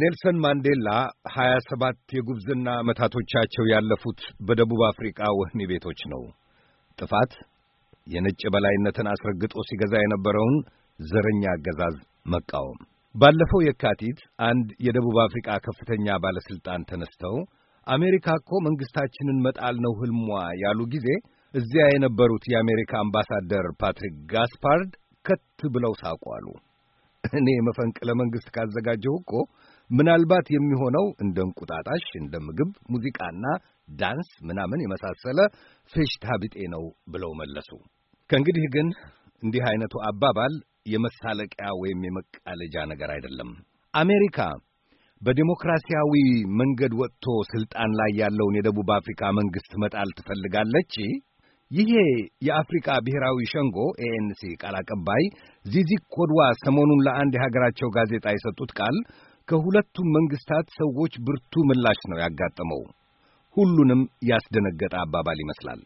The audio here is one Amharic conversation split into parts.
ኔልሰን ማንዴላ ሀያ ሰባት የጉብዝና ዓመታቶቻቸው ያለፉት በደቡብ አፍሪቃ ወህኒ ቤቶች ነው። ጥፋት የነጭ በላይነትን አስረግጦ ሲገዛ የነበረውን ዘረኛ አገዛዝ መቃወም። ባለፈው የካቲት አንድ የደቡብ አፍሪቃ ከፍተኛ ባለሥልጣን ተነስተው አሜሪካ እኮ መንግሥታችንን መጣል ነው ህልሟ ያሉ ጊዜ እዚያ የነበሩት የአሜሪካ አምባሳደር ፓትሪክ ጋስፓርድ ከት ብለው ሳቋሉ። እኔ መፈንቅለ መንግሥት ካዘጋጀው እኮ ምናልባት የሚሆነው እንደ እንቁጣጣሽ፣ እንደ ምግብ፣ ሙዚቃና ዳንስ ምናምን የመሳሰለ ፌሽታ ቢጤ ነው ብለው መለሱ። ከእንግዲህ ግን እንዲህ አይነቱ አባባል የመሳለቂያ ወይም የመቃለጃ ነገር አይደለም። አሜሪካ በዲሞክራሲያዊ መንገድ ወጥቶ ስልጣን ላይ ያለውን የደቡብ አፍሪካ መንግስት መጣል ትፈልጋለች። ይሄ የአፍሪካ ብሔራዊ ሸንጎ ኤኤንሲ ቃል አቀባይ ዚዚ ኮድዋ ሰሞኑን ለአንድ የሀገራቸው ጋዜጣ የሰጡት ቃል ከሁለቱም መንግስታት ሰዎች ብርቱ ምላሽ ነው ያጋጠመው። ሁሉንም ያስደነገጠ አባባል ይመስላል።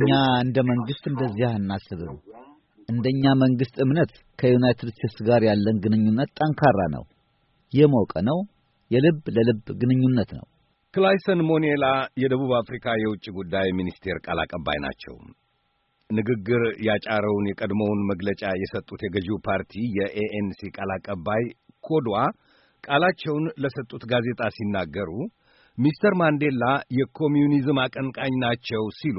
እኛ እንደ መንግስት እንደዚያ አናስብም። እንደኛ መንግስት እምነት ከዩናይትድ ስቴትስ ጋር ያለን ግንኙነት ጠንካራ ነው፣ የሞቀ ነው፣ የልብ ለልብ ግንኙነት ነው። ክላይሰን ሞኔላ የደቡብ አፍሪካ የውጭ ጉዳይ ሚኒስቴር ቃል አቀባይ ናቸው። ንግግር ያጫረውን የቀድሞውን መግለጫ የሰጡት የገዢው ፓርቲ የኤኤንሲ ቃል አቀባይ ኮድዋ ቃላቸውን ለሰጡት ጋዜጣ ሲናገሩ ሚስተር ማንዴላ የኮሚዩኒዝም አቀንቃኝ ናቸው ሲሉ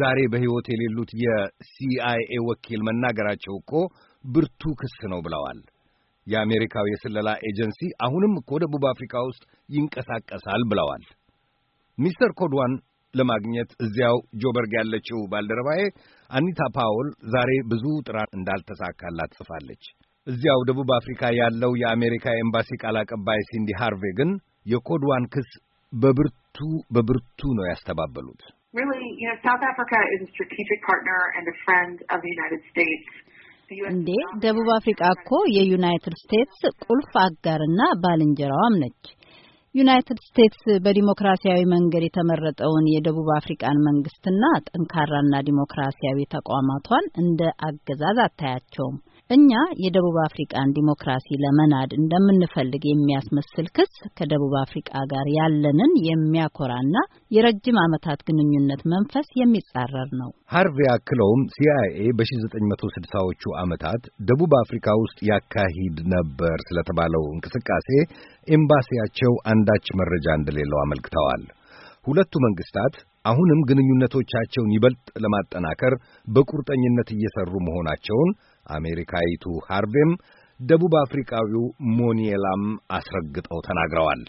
ዛሬ በሕይወት የሌሉት የሲአይኤ ወኪል መናገራቸው እኮ ብርቱ ክስ ነው ብለዋል። የአሜሪካው የስለላ ኤጀንሲ አሁንም እኮ ደቡብ አፍሪካ ውስጥ ይንቀሳቀሳል ብለዋል። ሚስተር ኮድዋን ለማግኘት እዚያው ጆበርግ ያለችው ባልደረባዬ አኒታ ፓውል ዛሬ ብዙ ጥራት እንዳልተሳካላት ጽፋለች። እዚያው ደቡብ አፍሪካ ያለው የአሜሪካ ኤምባሲ ቃል አቀባይ ሲንዲ ሃርቬ ግን የኮድዋን ክስ በብርቱ በብርቱ ነው ያስተባበሉት። እንዴ ደቡብ አፍሪካ እኮ የዩናይትድ ስቴትስ ቁልፍ አጋርና ባልንጀራዋም ነች። ዩናይትድ ስቴትስ በዲሞክራሲያዊ መንገድ የተመረጠውን የደቡብ አፍሪቃን መንግስትና ጠንካራና ዲሞክራሲያዊ ተቋማቷን እንደ አገዛዝ አታያቸውም። እኛ የደቡብ አፍሪቃን ዲሞክራሲ ለመናድ እንደምንፈልግ የሚያስመስል ክስ ከደቡብ አፍሪቃ ጋር ያለንን የሚያኮራና የረጅም ዓመታት ግንኙነት መንፈስ የሚጻረር ነው። ሀርቪ አክለውም ሲአይኤ በ1960ዎቹ ዓመታት ደቡብ አፍሪካ ውስጥ ያካሂድ ነበር ስለተባለው እንቅስቃሴ ኤምባሲያቸው አንዳች መረጃ እንደሌለው አመልክተዋል። ሁለቱ መንግስታት አሁንም ግንኙነቶቻቸውን ይበልጥ ለማጠናከር በቁርጠኝነት እየሰሩ መሆናቸውን አሜሪካዊቱ ሃርቬም ደቡብ አፍሪካዊው ሞኒየላም አስረግጠው ተናግረዋል።